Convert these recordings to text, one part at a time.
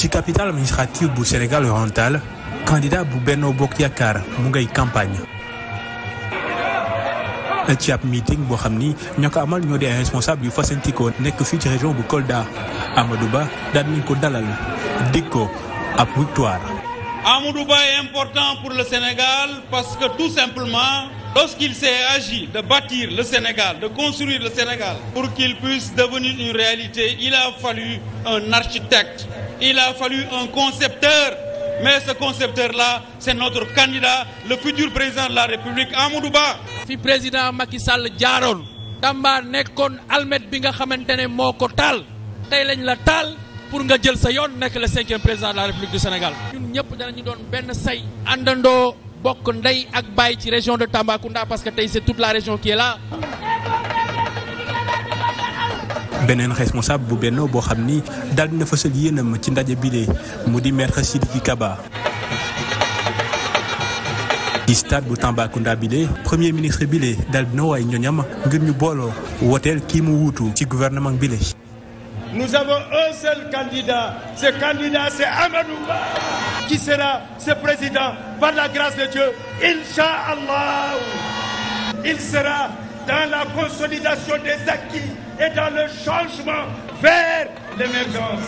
ci capitale administrative bu Sénégal oriental candidat bu Benno Bokk Yaakaar mu ngay campagne ci ab meeting boo xam ni ñoo amal ñoo di ay responsable yu fasantikoo nekk fii ci région bu Kolda Amadou Ba daan nañ ko dalal dig ab victoire. Amadou Ba est important pour le Sénégal parce que tout simplement lorsqu'il s'est agi de bâtir le Sénégal de construire le Sénégal pour qu'il puisse devenir une réalité il a fallu un architecte il a fallu un concepteur. Mais ce concepteur-là, c'est notre candidat, le futur président de la République, Amadou Ba. fi président Macky Sall jaaroon. Tamba nekkoon almet bi nga xamante ne moo ko taal. tey lañ la taal pour nga jël sa yoon nekk le cinquième président de la République du Sénégal. ñun ñëpp danañu doon benn say. àndandoo bokk ndey ak baay ci région de Tambacounda parce que tey c'est toute la région qui est là. beneen responsable bu Benno boo xam ni daal dina fësal yéenam ci ndaje bile mu di maître Sidiki Kaba. ci stade bu Tambacounda bile premier ministre bile daal dina waay ñoñam ngir ñu booloo woteel kii mu wuutu ci gouvernement bile. Nous avons un seul candidat. Ce candidat, c'est Amadou Ba, qui sera ce président par la grâce de Dieu. Inch'Allah. Il sera dans la consolidation des acquis et dans le changement vers l'émergence.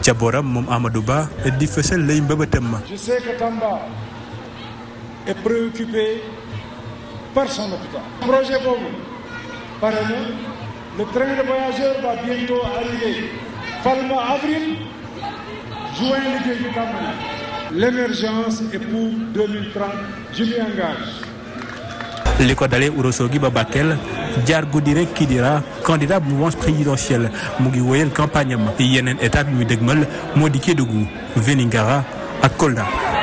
ca boram moom Amadou Ba di fësal lay mbëbëtam ma. Je sais que Tamba est préoccupé par son hôpital. projet boobu pare na le train de voyageurs va bientôt arriver. Falma avril juin liggéey bi tàmbali. l'émergence est li ko dalee Ourossogui ba Bakel jaar guddi rek Kidira candidat bu mouvance présidentielle mu ngi woyal campagne am yeneen étape yu muy dëgmal moo di Kédougou Vélingara ak Kolda.